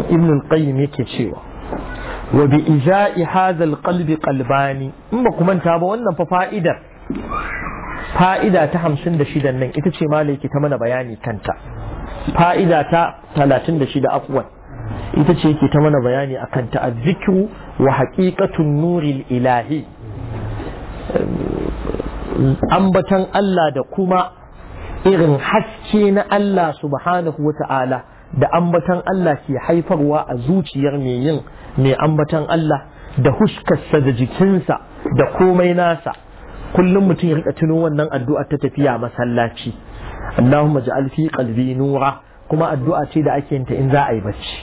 Ibn al qayyim yake cewa wa bi ija'i hadha alqalbi qalbani in ba ku manta ba wannan fa fa'idar fa'ida ta 56 nan ita ce malaki ta mana bayani kanta fa'ida ta 36 afwan ita ce yake ta mana bayani akan ta azzikru wa haqiqatun nuril ilahi ambatan Allah da kuma irin haske na Allah subhanahu wa ta'ala da ambatan Allah ke haifarwa a zuciyar mai yin mai ambatan Allah da huskarsa da jikinsa da komai nasa kullum mutum ya rika tuno wannan addu'a ta tafiya masallaci Allahumma ja'al fi qalbi nura kuma addu'a ce da ake ta in za a yi bacci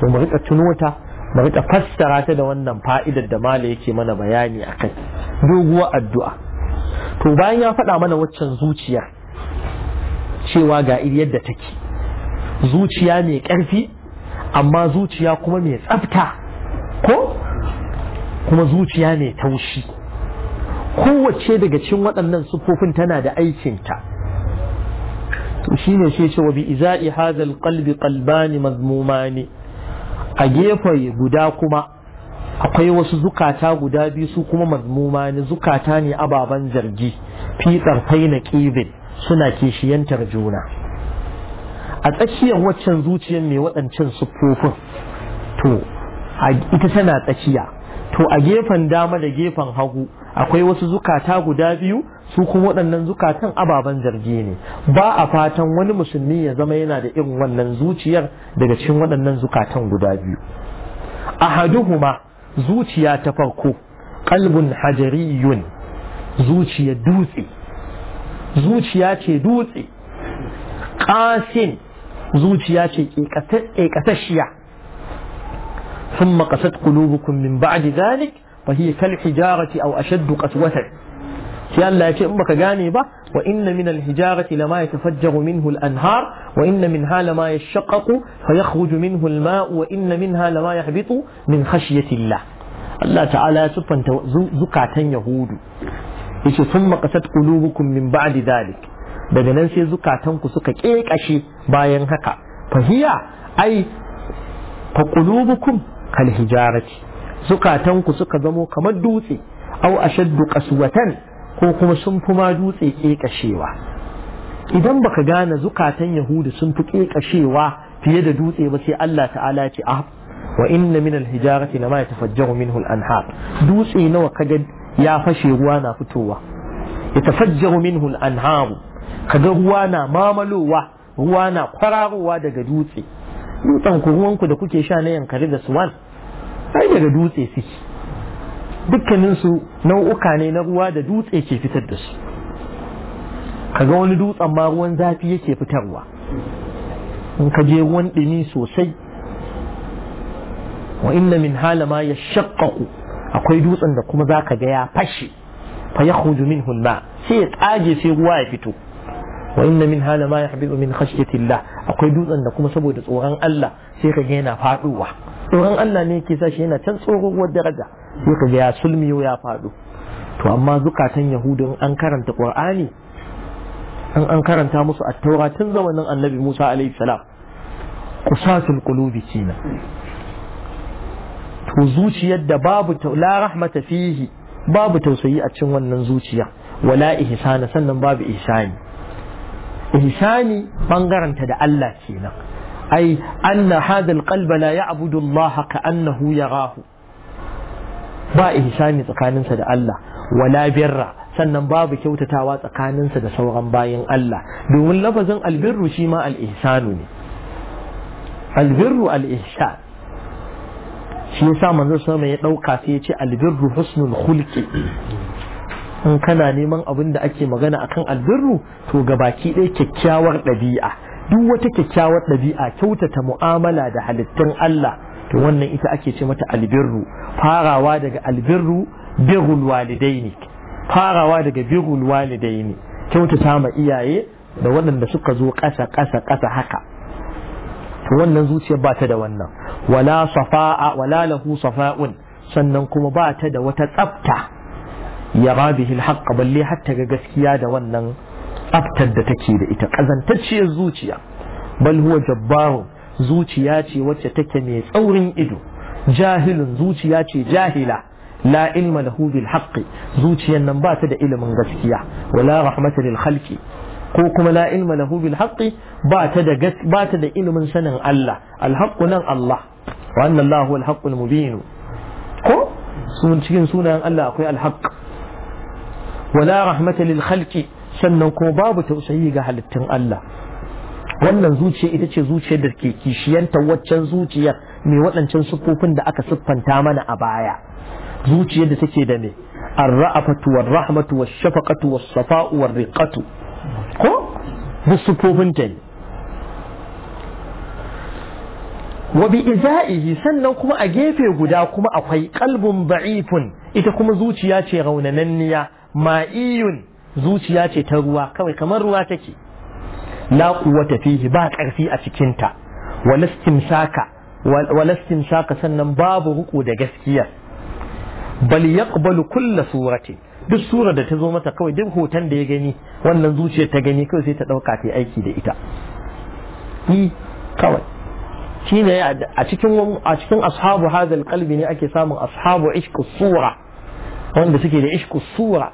to mu rika tuno ta mu riƙa fassara ta da wannan fa'idar da mala yake mana bayani a kai. Doguwa addu'a to bayan ya faɗa mana waccan zuciya cewa ga iri yadda take zuciya mai ƙarfi amma zuciya kuma mai tsafta ko kuma zuciya mai taushi kowace daga cin waɗannan siffofin tana da aikinta to ne shi ce wa bi iza'i hadhal qalbi qalbani mazmumani a gefe guda kuma akwai wasu zukata guda biyu su kuma mazmuma ne zukata ne ababen zargi fi tsarfai na ƙibin suna kishiyantar juna a tsakiyar waccan zuciyar mai waɗancan siffofin to ita tana tsakiya to a gefen dama da gefen hagu akwai wasu zukata guda biyu su kuma waɗannan zukatan ababen zargi ne ba a fatan wani musulmi ya zama yana da irin wannan zuciyar daga cikin waɗannan zukatan guda biyu A ahaduhuma zuciya ta farko qalbun hajariyun zuciya dutse zuciya ce dutse kasin زوجي يا ثم قست قلوبكم من بعد ذلك وهي كالحجارة أو أشد قسوة يا الله يا أمك جانبة وإن من الحجارة لما يتفجر منه الأنهار وإن منها لما يشقق فيخرج منه الماء وإن منها لما يهبط من خشية الله الله تعالى سبحانه زكاة يهود ثم قست قلوبكم من بعد ذلك daga nan sai zukatanku suka ƙeƙashe bayan haka fahiya ai fa qulubukum kal hijarati zukatanku suka zamo kamar dutse aw ashaddu qaswatan ko kuma sun fi ma dutse ƙeƙashewa idan baka gane zukatan yahudu sun fi ƙeƙashewa fiye da dutse ba sai Allah ta'ala ce a ah, wa inna min al-hijarati lama yatafajjaru minhu al-anhar dutse nawa kaga ya fashe ruwa na fitowa yatafajjaru minhu al-anhar kaga ruwa na mamalowa ruwa na kwararowa daga dutse dutsen ku ruwanku da kuke sha na yankari da suwan ai daga dutse suke dukkaninsu nau'uka ne na ruwa da dutse ke fitar da su kaga wani dutsen ma ruwan zafi yake fitarwa in ka je ruwan ɗini sosai wa inna min hala ma ya shakkaku akwai dutsen da kuma za ka ga ya fashe fa ya min hunna sai ya tsage sai ruwa ya fito wa inna min hala ma yahbidu min khashyati akwai dutsen da kuma saboda tsoron Allah sai ka kaga yana faduwa tsoron Allah ne yake sa shi yana can tsohuwar daraja sai kaga ya sulmiyo ya fadu to amma zukatan yahudun an karanta qur'ani an an karanta musu at-taura tun zamanin annabi Musa alaihi salam qusatul qulubi kina to zuciyar da babu la rahmata fihi babu tausayi a cikin wannan zuciya wala ihsana sannan babu ihsani ihsani bangaranta da Allah kenan ai anna hadha ya la ya'budu Allah ka annahu yarahu ba ihsani tsakaninsa da Allah wala birra sannan babu kyautatawa tsakaninsa da sauran bayan Allah domin lafazin albirru shi ma al-ihsanu ne albirru al-ihsan shi yasa manzo sama ya ɗauka sai ya ce albirru husnul khulqi in kana neman abin da ake magana akan albirru to ga baki ɗaya kyakkyawar ɗabi'a duk wata kyakkyawar ɗabi'a kyautata mu'amala da halittun Allah to wannan ita ake ce mata albirru farawa daga albirru birrul walidaini farawa daga birrul walidaini kyautata ma iyaye da waɗanda suka zo ƙasa ƙasa ƙasa haka to wannan zuciyar ba ta da wannan wala safa'a wala lahu safa'un sannan kuma ba ta da wata tsafta Ya bihi alhaqqa balle hatta ga gaskiya da wannan tsaftar da take da ita kazantacciyar zuciya bal huwa jabbaru zuciya ce wacce take mai tsaurin ido jahilun zuciya ce jahila la ilma lahu bil haqqi zuciyan nan ba ta da ilimin gaskiya wala rahmatu lil khalqi ko kuma la ilma lahu bil haqqi ba ta da ba ta da ilimin sanin Allah al haqqu nan Allah wa anna Allah huwal haqqul mubin ko sun cikin sunayen Allah akwai al haqq wala rahmata lil sannan kuma babu tausayi ga halittun Allah wannan zuciya ita ce zuciyar da ke kishiyanta waccan zuciyar mai waɗancan siffofin da aka siffanta mana a baya zuciyar da take da me ar-ra'afatu war-rahmatu wash ko duk siffofin ta ne wa bi izaihi sannan kuma a gefe guda kuma akwai qalbun ba'ifun ita kuma zuciya ce raunananniya ma'iyun zuciya ce ta ruwa kawai kamar ruwa take la quwwata fihi ba ƙarfi a cikin ta walastimsaka walastimsaka sannan babu ruku da gaskiya bal yaqbalu kulla surati duk sura da ta zo mata kawai duk hoton da ya gani wannan zuciyar ta gani kawai sai ta dauka ta aiki da ita ni kawai shine a cikin a cikin ashabu hadal qalbi ne ake samun ashabu ishqus sura wanda suke da ishqus sura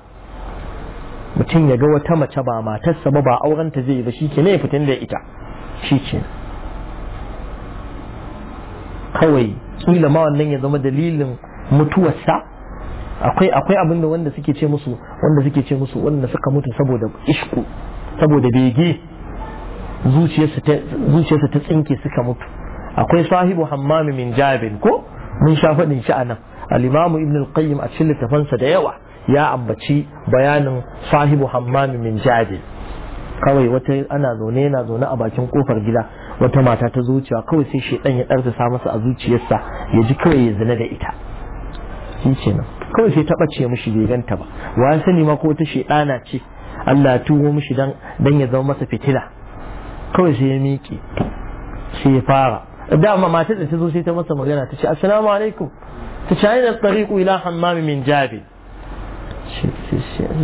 mutum ya ga wata mace ba matarsa ba ba aurenta zai ba shi ke ne fitin da ita shi ke kawai kila ma wannan ya zama dalilin mutuwarsa akwai akwai abin da wanda suke ce musu wanda suke ce musu wanda suka mutu saboda ishku saboda bege zuciyarsu ta tsinke suka mutu akwai sahibu hamamin min jabin ko mun sha faɗin shi anan al-imamu ibn al-qayyim a cikin littafansa da yawa ya ambaci bayanin sahibu hammami min jadi kawai wata ana zaune yana zaune a bakin kofar gida wata mata ta zuciya kawai sai shedan ya ɗarsa sa masa a zuciyarsa ya ji kawai ya zina da ita shi nan kawai sai ta ɓace mishi bai ganta ba wa ya sani ma ko wata shedana ce Allah tuwo mishi dan dan ya zama masa fitila kawai sai ya miƙe sai ya fara dama matar da ta zo sai ta masa magana ta ce assalamu alaikum ta ce ainihin tsariƙu ila hammami min jabi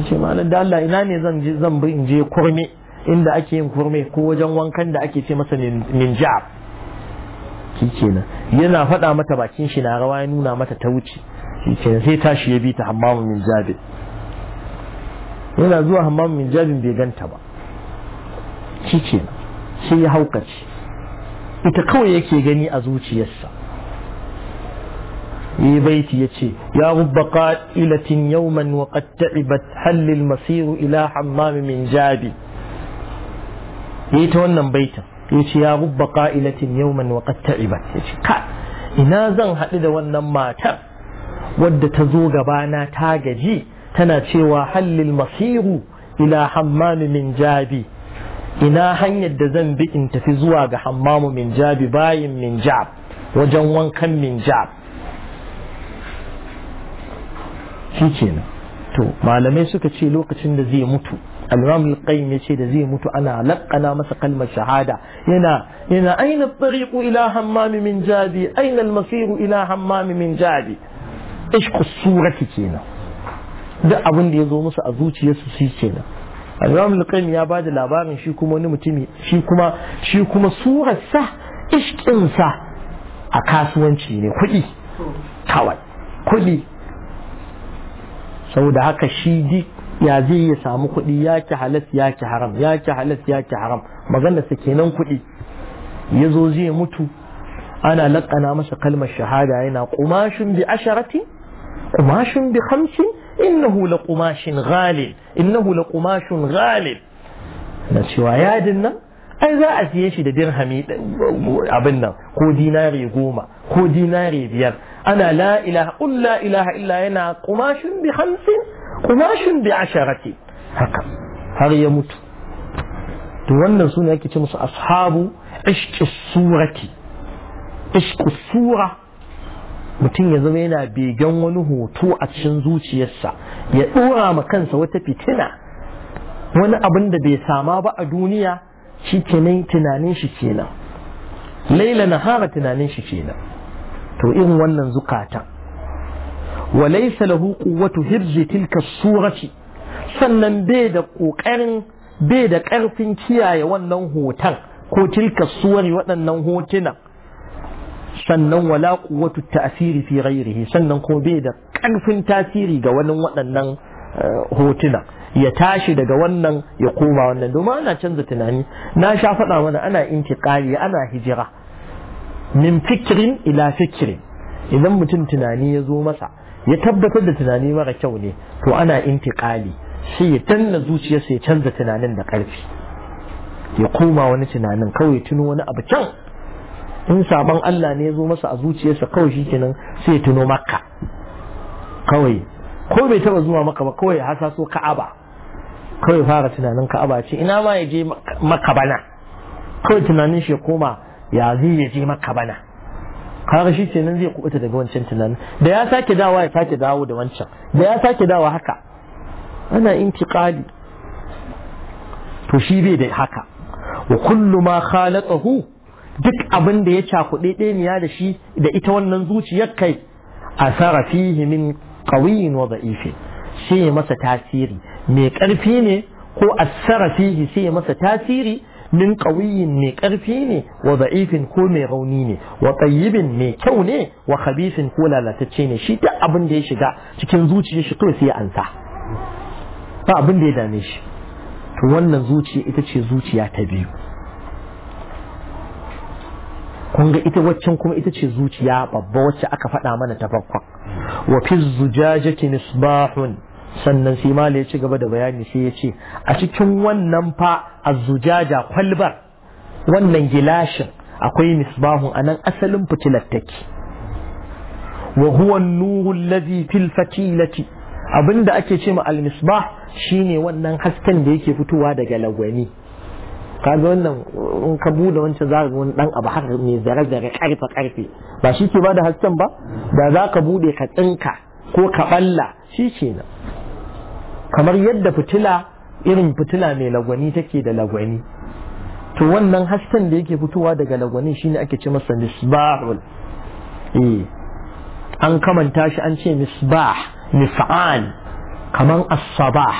ce malam da Allah ina ne zan je zan bi in je kurme inda ake yin kurme ko wajen wankan da ake ce masa ninjab shi yana faɗa mata bakin shi na rawa ya nuna mata ta wuce shi kenan sai tashi ya bi ta hammamun min yana zuwa hammamun min bai ganta ba shi sai ya haukace ita kawai yake gani a zuciyarsa yi baiti ya ce ya rubba ƙa'ilatin yauman wa qad ta'ibat hallil masiru ila hammami min jabi yi ta wannan baitin ya ce ya rubba ƙa'ilatin yauman wa qad ta'ibat ya ce ka ina zan haɗu da wannan matar wadda ta zo gabana ta gaji tana cewa hallil masiru ila hammami min jabi ina hanyar da zan bi in tafi zuwa ga hammamu min jabi bayin min jab wajen wankan min jab shi kenan to malamai suka ce lokacin da zai mutu al-imam al-qayyim yace da zai mutu ana laqana masa kalmar shahada yana yana aina at-tariqu ila hammam min jadi aina al-masiru ila hammam min jadi ishqu surati kenan duk abin da ya zo musu a zuciyarsu shi kenan al-imam al-qayyim ya bada labarin shi kuma wani mutumi shi kuma shi kuma surarsa sa a kasuwanci ne kuɗi kawai kuɗi saboda haka shi di ya zai ya samu kuɗi ya ki halas ya ki haram ya ki halas ya ki haram maganar sa kenan kuɗi ya zo zai mutu ana laƙana masa kalmar shahada yana ƙumashin bi asharati ƙumashin bi hamsin innahu la ƙumashin ghalil innahu la ƙumashin ghalil na cewa ya nan ai za a siye shi da dirhami abin nan ko dinari goma ko dinari biyar ana la ilaha qul ilaha illa yana qumashin bi khamsin qumashin bi asharati haka har ya mutu to wannan sune yake ce ashabu ishqi surati ishqi sura mutum ya zama yana begen wani hoto a cikin zuciyarsa ya dora ma kansa wata fitina wani abin da bai sama ba a duniya shi kenan tunanin shi kenan laila nahara tunanin shi kenan to irin wannan zukatan walaysa lahu quwwatu hirzi tilka surati sannan bai da kokarin bai da karfin kiyaye wannan hoton ko tilka suwari waɗannan hotunan sannan wala quwwatu ta'siri fi ghairihi sannan ko bai da karfin tasiri ga wani waɗannan eh, hotuna ya tashi daga wannan ya koma wannan domin ana canza tunani na sha faɗa mana ana intiƙali ana hijira min fikirin ila fikirin idan mutum tunani ya zo masa ya tabbatar da tunani mara kyau ne to ana intiƙali sai ya danna zuciyarsa ya canza tunanin da ƙarfi ya koma wani tunanin kawai tuno wani abu can in sabon Allah ne ya zo masa a zuciyarsa kawai shi kenan sai ya tuno makka kawai ko bai taba zuwa maka ba kawai hasa so ka'aba kawai fara tunanin ka'aba ce ina ma ya je maka bana kawai tunanin shi ya koma ya zai ya je maka bana kaga shi kenan zai kubuta daga wancan tunanin da ya sake dawa ya sake dawo da wancan da ya sake dawa haka ana intiqali to shi bai da haka wa kullu ma khalaqahu duk abin da ya cakuɗe ɗaniya da shi da ita wannan zuciyar kai asara fihi min qawiyyin wa da'ifin sai masa tasiri mai ƙarfi ne ko asara fihi sai masa tasiri min qawiyin mai karfi ne wa za'ifin ko mai rauni ne wa tayyibin mai kyau ne wa khabisin ko lalatacce ne shi duk abin da ya shiga cikin zuciyar shi kawai sai ya ansa ba abin da ya dame shi to wannan zuciya ita ce zuciya ta biyu kun ga ita waccan kuma ita ce zuciya babba wacce aka faɗa mana ta farkon wa fi zujajati misbahun sannan sai mali ya ci gaba da bayani sai ya ce a cikin wannan fa azujaja kwalbar wannan gilashin akwai misbahun anan asalin fitilar take wa huwa nuru allazi fil fatilati abinda ake ce ma al shine wannan hasken da yake fitowa daga lagwani kaga wannan in ka bude wancan za ga wani dan abu har mai zare zare karfe karfe ba shi ke bada hasken ba da za ka bude ka tsinka ko ka balla shi kenan kamar yadda fitila irin fitila mai lagwani take da lagwani to wannan hasken da yake fitowa daga lagwani shine ake ce masa misbahul eh an kamanta shi an ce misbah mis'an kaman as-sabah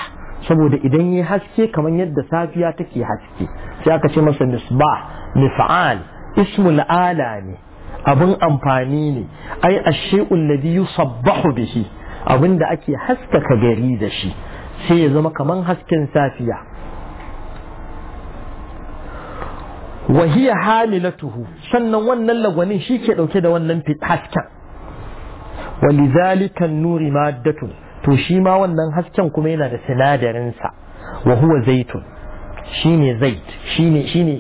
saboda idan yi haske kaman yadda safiya take haske sai aka ce masa misbah mis'an ismul ala ne abun amfani ne ai ashe'ul ladhi yusabbahu bihi abin da ake haskaka gari da shi sai ya zama kaman hasken safiya wa hiya hamilatuhu sannan wannan lagwanin shi ke dauke da wannan hasken wa lidhalika an-nuri maddatun to shi ma wannan hasken kuma yana da sinadarin sa wa huwa zaitun shine zait shine shine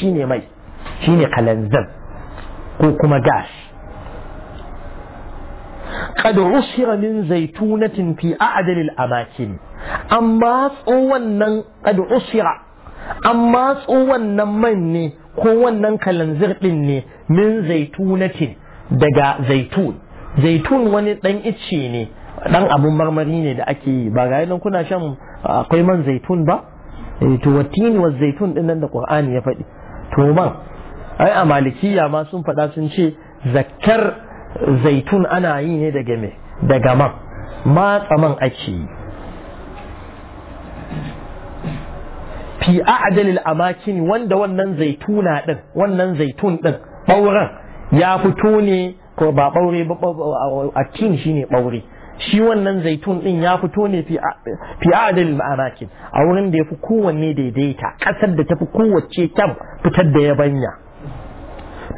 shine mai shine kalanzan ko kuma gas قد عصر من زيتونة في أعدل الأماكن an matso wannan qad usira an tsohon wannan man ne ko wannan kalanzir din ne min zaitunatin daga zaitun zaitun wani dan icce ne ɗan abun marmari ne da ake yi ba ga nan kuna shan akwai man zaitun ba eh, to watini wa zaitun din nan da ƙur'ani ya faɗi to man ai a malikiya ma sun faɗa sun ce zakkar zaitun ana yi ne daga me daga man matsa man ake yi fi al amakin wanda wannan zaituna din wannan zaitun din bauran ya fito ne ko ba baure ba akin shine baure shi wannan zaitun din ya fito ne fi al amakin a wurin da yafi kowanne daidaita kasar da tafi kowace kyan fitar da yabanya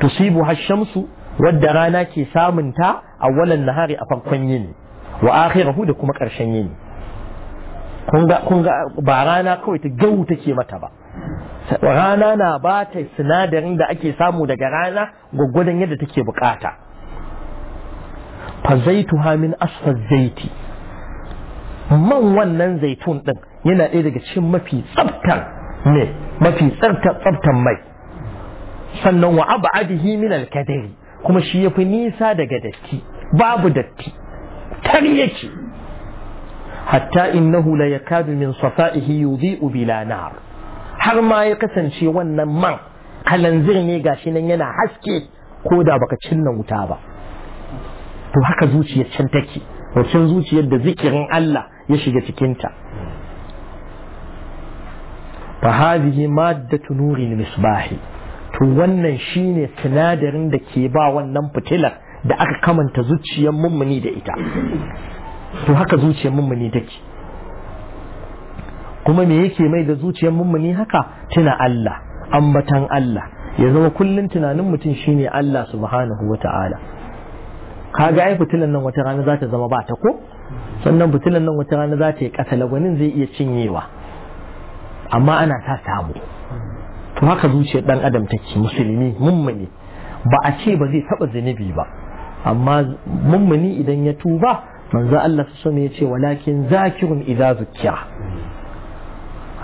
tusibu hashamsu wadda rana ke samunta a nahari a farkon yini wa akhirahu da kuma karshen yini kun ga ba rana kawai ta gau take mata ba rana na ba ta sinadarin da ake samu daga rana gwaggwadon yadda take bukata fa zaitu min asfar zaiti man wannan zaitun din yana ɗaya daga cikin mafi tsaftar ne mafi tsaftar mai sannan wa abadihi min alkadari kuma shi yafi nisa daga datti babu datti tar yake hatta innahu la yakadu min safa'ihi yudhi'u bila nar har ma ya kasance wannan man kalanzir ne gashi nan yana haske ko da baka cinna wuta ba to haka zuciyar can take wacin zuciyar da zikirin Allah ya shiga cikinta fa hadhihi maddatu nuril misbahi to wannan shine sinadarin da ke ba wannan fitilar da aka kamanta zuciyar mummuni da ita to haka zuciyar mummuni take kuma me yake mai da zuciyar mummuni haka tuna Allah ambatan Allah ya zama kullum tunanin mutum shine Allah subhanahu wa ta'ala kaga ai fitilan nan wata rana za ta zama ba ta ko sannan fitilan nan wata rana za ta yi katala gwanin zai iya cinyewa amma ana ta samu to haka zuciyar dan adam take musulmi mummuni ba a ce ba zai taba zunubi ba amma mummuni idan ya tuba manzo Allah su ya yace walakin zakirun idza zukkiya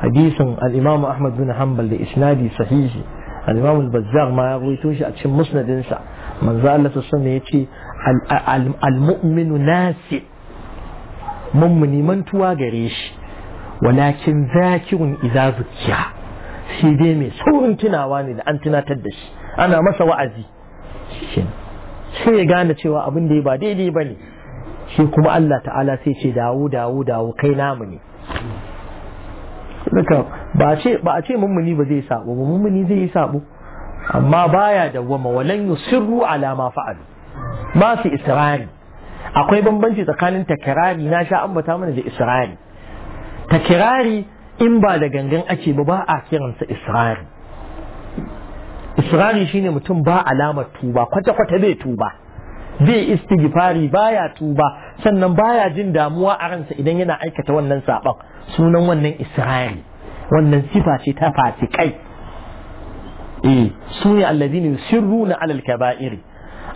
hadisin al-Imam Ahmad bin Hanbal da isnadi sahihi al-Imam al-Bazzar ma ya rawaito shi a cikin musnadin sa manzo Allah su ya yace al-mu'minu nasi mummuni mantuwa gare shi walakin zakirun idza zukkiya shi dai mai saurin tunawa ne da an tunatar da shi ana masa wa'azi shi sai ya gane cewa abin da ya ba daidai ba ne shi kuma Allah ta'ala sai ce dawo dawo dawo kai namu ne ba a ce mummuni ba zai sabo ba mummuni zai yi sabo amma baya dawwama walan yusirru ala ma fa'alu ba su israri akwai bambanci tsakanin takirari na sha ambata mana da israri takirari in ba da gangan ake ba ba a kiransa israri israri shine mutum ba alamar tuba kwata-kwata bai tuba zai istighfari baya tuba sannan baya jin damuwa a ransa idan yana aikata wannan saban sunan wannan isra'ili wannan sifa ce ta fasikai eh su ne allazina yusirruna alal kaba'iri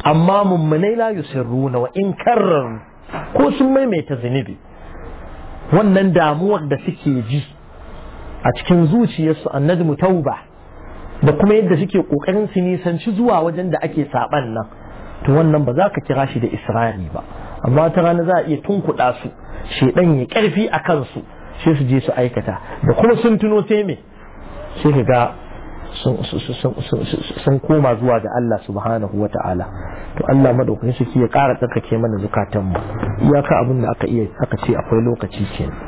amma mummunai la yusirruna wa in karrar ko sun maimaita zunubi wannan damuwar da suke ji a cikin zuciyarsu annajmu tauba da kuma yadda suke kokarin su nisanci zuwa wajen da ake saban nan to wannan ba za ka kira shi da isra'i ba amma ta rana za a iya tunkuɗa su shaidan ya ƙarfi a kansu sai su je su aikata da kuma sun tuno sai me sai ka ga sun koma zuwa ga Allah subhanahu wa ta'ala to Allah madaukakin suke ya ƙara tsarkake mana zukatanmu iyaka abin da aka iya aka ce akwai lokaci kenan